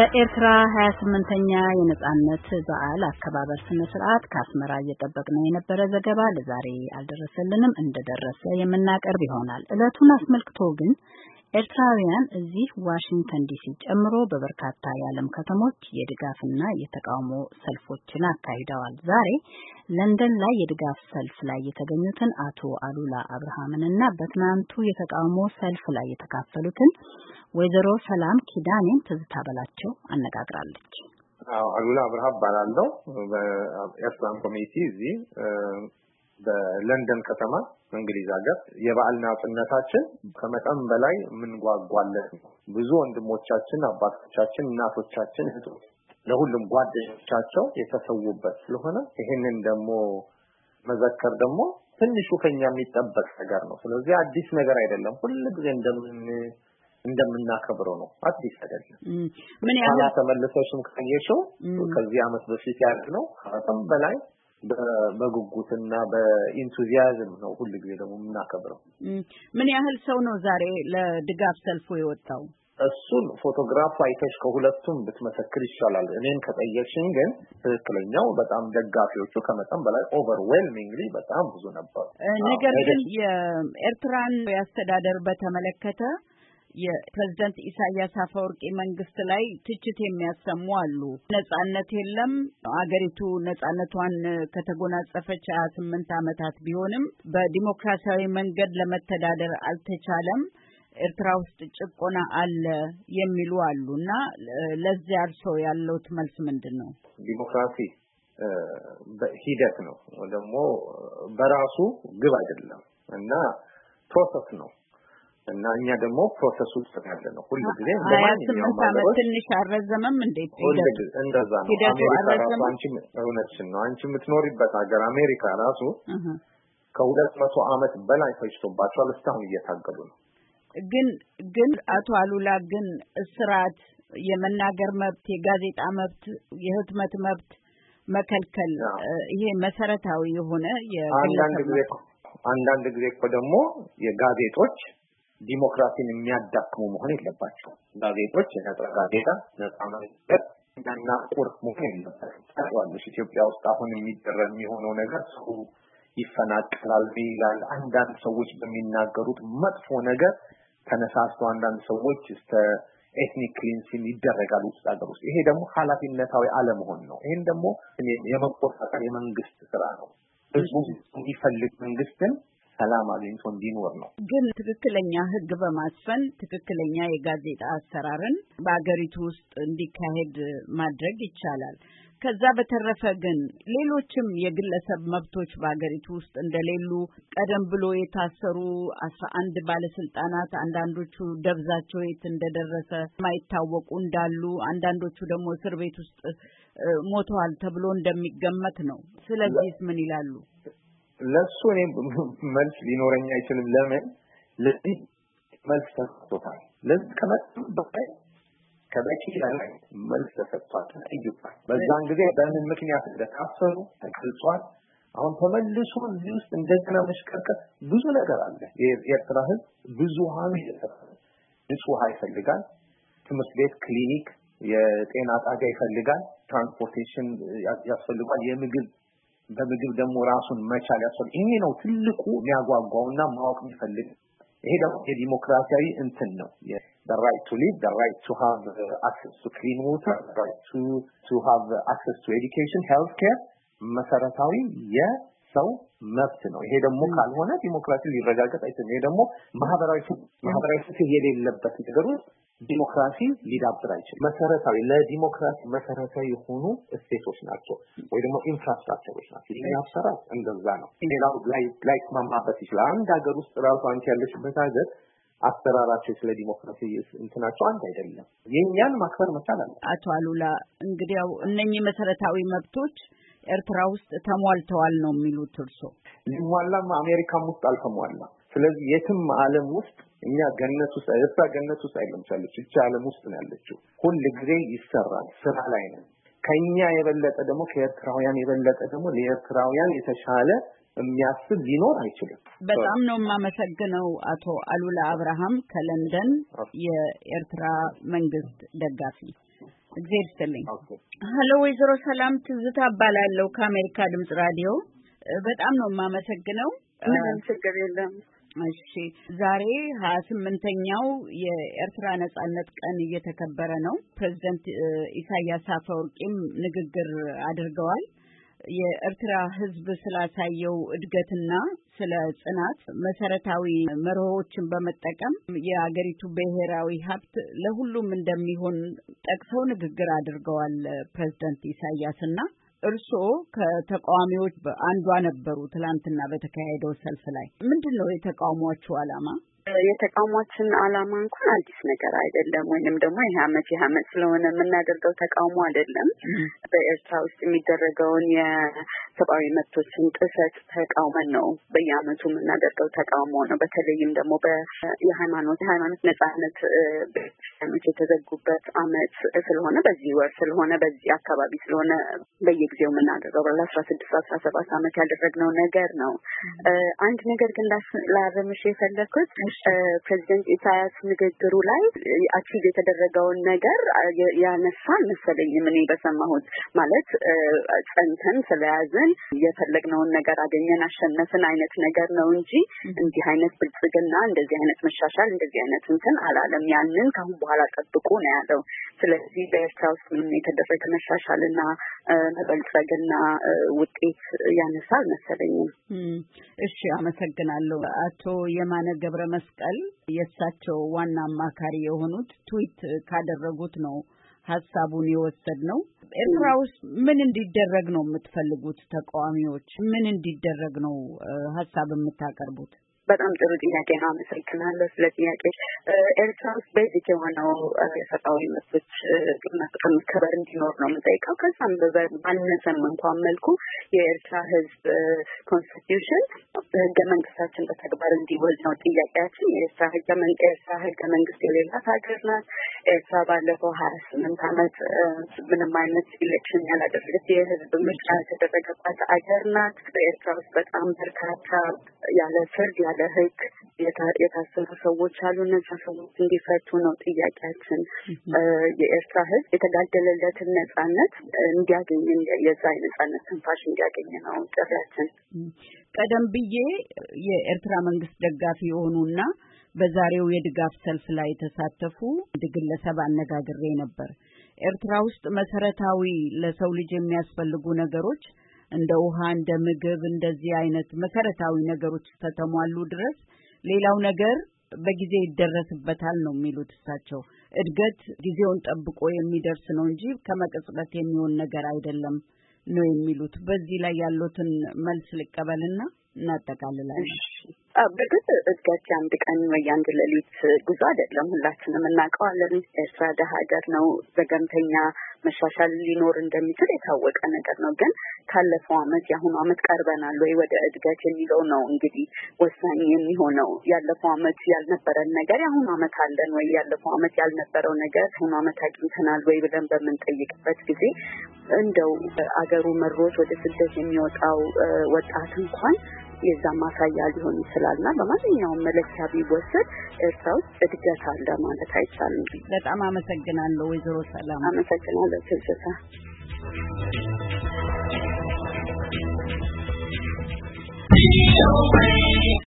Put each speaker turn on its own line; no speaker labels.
በኤርትራ 28ኛ የነጻነት በዓል አከባበር ስነ ስርዓት ከአስመራ እየጠበቅነው የነበረ ዘገባ ለዛሬ አልደረሰልንም። እንደደረሰ የምናቀርብ ይሆናል። እለቱን አስመልክቶ ግን ኤርትራውያን እዚህ ዋሽንግተን ዲሲ ጨምሮ በበርካታ የዓለም ከተሞች የድጋፍና የተቃውሞ ሰልፎችን አካሂደዋል። ዛሬ ለንደን ላይ የድጋፍ ሰልፍ ላይ የተገኙትን አቶ አሉላ አብርሃምንና በትናንቱ የተቃውሞ ሰልፍ ላይ የተካፈሉትን ወይዘሮ ሰላም ኪዳኔን ትዝታ በላቸው አነጋግራለች።
አሉላ አብርሃም እባላለሁ። በኤርትራን ኮሚኒቲ እዚህ በለንደን ከተማ እንግሊዝ ሀገር የበዓል ናጽነታችን ከመጠን በላይ ነው። ብዙ ወንድሞቻችን፣ አባቶቻችን፣ እናቶቻችን፣ እህቶች ለሁሉም ጓደኞቻቸው የተሰዉበት ስለሆነ ይህንን ደግሞ መዘከር ደግሞ ትንሹ ከኛ የሚጠበቅ ነገር ነው። ስለዚህ አዲስ ነገር አይደለም። ጊዜ እንደምን እንደምናከብረው ነው። አዲስ አይደለም። ምን ያህል ተመልሰሽም ካየሽው ከዚህ አመት በፊት ያለ ነው ከመጠን በላይ በጉጉትና በኢንቱዚያዝም ነው ጊዜ ደግሞ የምናከብረው።
ምን ያህል ሰው ነው ዛሬ ለድጋፍ ሰልፉ የወጣው?
እሱን ፎቶግራፍ አይተሽ ከሁለቱም ብትመሰክር ይሻላል። እኔን ከጠየቅሽኝ ግን ትክክለኛው በጣም ደጋፊዎቹ ከመጠን በላይ ኦቨርዌልሚንግሊ በጣም ብዙ ነበሩ። ነገር ግን
የኤርትራን አስተዳደር በተመለከተ የፕሬዝደንት ኢሳያስ አፈወርቂ መንግስት ላይ ትችት የሚያሰሙ አሉ። ነጻነት የለም፣ አገሪቱ ነጻነቷን ከተጎናጸፈች ሀያ ስምንት አመታት ቢሆንም በዲሞክራሲያዊ መንገድ ለመተዳደር አልተቻለም፣ ኤርትራ ውስጥ ጭቆና አለ የሚሉ አሉ እና ለዚያ እርሶ ያለውት መልስ ምንድን ነው?
ዲሞክራሲ ሂደት ነው ደግሞ በራሱ ግብ አይደለም እና ፕሮሰስ ነው እና እኛ ደግሞ ፕሮሰስ ውስጥ ያለ ነው ሁሉ ጊዜ እንደማንኛውም
ትንሽ አረዘመም እንዴ
እንደዛ ነው አሜሪካ ራሱ አንቺ እውነትሽን ነው አንቺ የምትኖሪበት ሀገር አሜሪካ ራሱ ከሁለት መቶ አመት በላይ ፈጅቶባቸዋል እስካሁን እየታገሉ ነው
ግን ግን አቶ አሉላ ግን እስራት የመናገር መብት የጋዜጣ መብት የህትመት መብት መከልከል ይሄ መሰረታዊ የሆነ አንዳንድ ጊዜ
አንዳንድ ጊዜ እኮ ደግሞ የጋዜጦች ዲሞክራሲን የሚያዳክሙ መሆን የለባቸው። ጋዜጦች ነጻ ጋዜጣ፣ ነጻ መንገድ እና ቁር መሆን የለበትም። ኢትዮጵያ ውስጥ አሁን የሚደረግ የሚሆነው ነገር ሰው ይፈናቀላል ይላል። አንዳንድ ሰዎች በሚናገሩት መጥፎ ነገር ተነሳስቶ አንዳንድ ሰዎች እስከ ኤትኒክ ክሊንሲን ይደረጋል ውስጥ ሀገር ውስጥ። ይሄ ደግሞ ኃላፊነታዊ አለመሆን ነው። ይሄን ደግሞ የመቆጣጠር የመንግስት ስራ ነው። ህዝቡ የሚፈልግ መንግስትን ሰላም አግኝቶ እንዲኖር ነው።
ግን ትክክለኛ ህግ በማስፈን ትክክለኛ የጋዜጣ አሰራርን በአገሪቱ ውስጥ እንዲካሄድ ማድረግ ይቻላል። ከዛ በተረፈ ግን ሌሎችም የግለሰብ መብቶች በሀገሪቱ ውስጥ እንደሌሉ ቀደም ብሎ የታሰሩ አስራ አንድ ባለስልጣናት አንዳንዶቹ ደብዛቸው የት እንደደረሰ የማይታወቁ እንዳሉ፣ አንዳንዶቹ ደግሞ እስር ቤት ውስጥ ሞተዋል ተብሎ እንደሚገመት ነው። ስለዚህ ምን ይላሉ?
ለሱ እኔ መልስ ሊኖረኝ አይችልም። ለምን ለዚህ መልስ ተሰጥቶታል። ለዚህ ከመጣም በላይ ከበቂ በላይ መልስ ተሰጥቷል። እዩታል። በዛን ጊዜ በምን ምክንያት እንደታሰሩ ተገልጿል። አሁን ተመልሶ እዚህ ውስጥ እንደገና መሽከርከር ብዙ ነገር አለ። የኤርትራ ህዝብ ብዙሃኑ ንጹህ ውሃ ይፈልጋል። ትምህርት ቤት፣ ክሊኒክ፣ የጤና ጣቢያ ይፈልጋል። ትራንስፖርቴሽን ያስፈልጓል። የምግብ በምግብ ደግሞ ራሱን መቻል ያስፈልጋል። ይሄ ነው ትልቁ የሚያጓጓውና ማወቅ የሚፈልግ ይሄ ደግሞ የዲሞክራሲያዊ እንትን ነው። the right to live, the right to have access to clean water, the right to to have access to education, healthcare መሰረታዊ የሰው መብት ነው። ይሄ ደግሞ ካልሆነ ዲሞክራሲ ሊረጋገጥ አይችልም። ይሄ ደግሞ ማህበራዊ ማህበራዊ ፍትህ የሌለበት ነገር ዲሞክራሲ ሊዳብር አይችልም። መሰረታዊ ለዲሞክራሲ መሰረታዊ የሆኑ እሴቶች ናቸው ወይ ደግሞ ኢንፍራስትራክቸሮች ናቸው። ይህ አሰራር እንደዛ ነው። ሌላው ላይ ይችላል። አንድ ሀገር ውስጥ ራሱ አንቺ ያለሽበት ሀገር አሰራራቸው ስለ ዲሞክራሲ እንትናቸው አንድ አይደለም።
የእኛን ማክበር መቻል አለ። አቶ አሉላ እንግዲያው እነኚህ መሰረታዊ መብቶች ኤርትራ ውስጥ ተሟልተዋል ነው የሚሉት እርሶ?
ሊሟላም አሜሪካም ውስጥ አልተሟላ። ስለዚህ የትም ዓለም ውስጥ እኛ ገነት ውስጥ እሷ ገነት ውስጥ አይለምቻለች ብቻ ዓለም ውስጥ ነው ያለችው። ሁል ጊዜ ይሰራል፣ ስራ ላይ ነን። ከኛ የበለጠ ደግሞ ከኤርትራውያን የበለጠ ደግሞ
ለኤርትራውያን
የተሻለ የሚያስብ ሊኖር አይችልም።
በጣም ነው የማመሰግነው አቶ አሉላ አብርሃም ከለንደን የኤርትራ መንግስት ደጋፊ። እግዜር ይስጥልኝ። ሄሎ፣ ወይዘሮ ሰላም ትዝታ እባላለሁ ከአሜሪካ ድምጽ ራዲዮ። በጣም ነው የማመሰግነው። ምንም ችግር የለም። እሺ ዛሬ ሀያ ስምንተኛው የኤርትራ ነጻነት ቀን እየተከበረ ነው። ፕሬዚደንት ኢሳያስ አፈወርቂም ንግግር አድርገዋል። የኤርትራ ሕዝብ ስላሳየው እድገትና ስለ ጽናት መሰረታዊ መርሆዎችን በመጠቀም የአገሪቱ ብሔራዊ ሀብት ለሁሉም እንደሚሆን ጠቅሰው ንግግር አድርገዋል ፕሬዚደንት ኢሳያስ እና እርስዎ ከተቃዋሚዎች አንዷ ነበሩ። ትላንትና በተካሄደው ሰልፍ ላይ ምንድን ነው የተቃውሟችሁ ዓላማ? የተቃውሟችን ዓላማ እንኳን አዲስ ነገር አይደለም፣ ወይንም ደግሞ ይህ አመት ይህ አመት ስለሆነ የምናደርገው ተቃውሞ አይደለም። በኤርትራ ውስጥ የሚደረገውን የሰብአዊ መብቶችን ጥሰት ተቃውመን ነው በየአመቱ የምናደርገው ተቃውሞ ነው። በተለይም ደግሞ የሃይማኖት የሃይማኖት ነጻነት ቤተክርስቲያኖች የተዘጉበት አመት ስለሆነ በዚህ ወር ስለሆነ በዚህ አካባቢ ስለሆነ በየጊዜው የምናደርገው ለአስራ ስድስት አስራ ሰባት አመት ያደረግነው ነገር ነው። አንድ ነገር ግን ላረምሽ የፈለግኩት ፕሬዚደንት ኢሳያስ ንግግሩ ላይ አቺቭ የተደረገውን ነገር ያነሳ አልመሰለኝም እኔ በሰማሁት ማለት ጸንተን ስለያዘን አድርገን የፈለግነውን ነገር አገኘን፣ አሸነፍን አይነት ነገር ነው እንጂ እንዲህ አይነት ብልጽግና፣ እንደዚህ አይነት መሻሻል፣ እንደዚህ አይነት እንትን አላለም። ያንን ከአሁን በኋላ ጠብቁ ነው ያለው። ስለዚህ በኤርትራ ውስጥ ምንም የተደረገ መሻሻልና መበልጸግና ውጤት ያነሳ አልመሰለኝም። እሺ፣ አመሰግናለሁ። አቶ የማነ ገብረ መስቀል የእሳቸው ዋና አማካሪ የሆኑት ትዊት ካደረጉት ነው ሀሳቡን የወሰድ ነው። ኤርትራ ውስጥ ምን እንዲደረግ ነው የምትፈልጉት? ተቃዋሚዎች ምን እንዲደረግ ነው ሀሳብ የምታቀርቡት? በጣም ጥሩ ጥያቄ ነው። አመሰግናለሁ ስለ ጥያቄ። ኤርትራ ውስጥ ቤዚክ የሆነው የሰብአዊ መብቶች መከበር እንዲኖር ነው የምጠይቀው። ከዛም ባነሰም እንኳን መልኩ የኤርትራ ሕዝብ ኮንስቲትዩሽን በህገ መንግስታችን በተግባር እንዲውል ነው ጥያቄያችን። የኤርትራ ህገ መንግስት የሌላት ሀገር ናት። ኤርትራ ባለፈው ሀያ ስምንት አመት ምንም አይነት ኢሌክሽን ያላደረገች የህዝብ ምርጫ የተደረገባት አገር ናት። በኤርትራ ውስጥ በጣም በርካታ ያለ ፍርድ ያለ ህግ የታሰሩ ሰዎች አሉ። እነዛ ሰዎች እንዲፈቱ ነው ጥያቄያችን። የኤርትራ ህዝብ የተጋደለለትን ነጻነት እንዲያገኝ የዛ የነጻነት ትንፋሽ እንዲያገኝ ነው ጥሪያችን። ቀደም ብዬ የኤርትራ መንግስት ደጋፊ የሆኑና በዛሬው የድጋፍ ሰልፍ ላይ የተሳተፉ አንድ ግለሰብ አነጋግሬ ነበር። ኤርትራ ውስጥ መሰረታዊ ለሰው ልጅ የሚያስፈልጉ ነገሮች እንደ ውሃ፣ እንደ ምግብ፣ እንደዚህ አይነት መሰረታዊ ነገሮች እስከተሟሉ ድረስ ሌላው ነገር በጊዜ ይደረስበታል ነው የሚሉት እሳቸው። እድገት ጊዜውን ጠብቆ የሚደርስ ነው እንጂ ከመቅጽበት የሚሆን ነገር አይደለም ነው የሚሉት። በዚህ ላይ ያሉትን መልስ ልቀበልና እናጠቃልላለን። በግል እድገት የአንድ ቀን ወይ የአንድ ሌሊት ጉዞ አይደለም። ሁላችንም እናውቀዋለን። ኤርትራ ደሀ ሀገር ነው። ዘገምተኛ መሻሻል ሊኖር እንደሚችል የታወቀ ነገር ነው። ግን ካለፈው ዓመት የአሁኑ ዓመት ቀርበናል ወይ ወደ እድገት የሚለው ነው እንግዲህ ወሳኝ የሚሆነው። ያለፈው ዓመት ያልነበረን ነገር የአሁኑ አመት አለን ወይ፣ ያለፈው አመት ያልነበረው ነገር አሁኑ አመት አግኝተናል ወይ ብለን በምንጠይቅበት ጊዜ እንደው አገሩ መሮት ወደ ስደት የሚወጣው ወጣት እንኳን የዛ ማሳያ ሊሆን ይችላልና በማንኛውም መለኪያ ቢወሰድ ኤርትራ ውስጥ እድገት አለ ማለት አይቻልም። በጣም አመሰግናለሁ ወይዘሮ ሰላም። አመሰግናለሁ ትዝታ።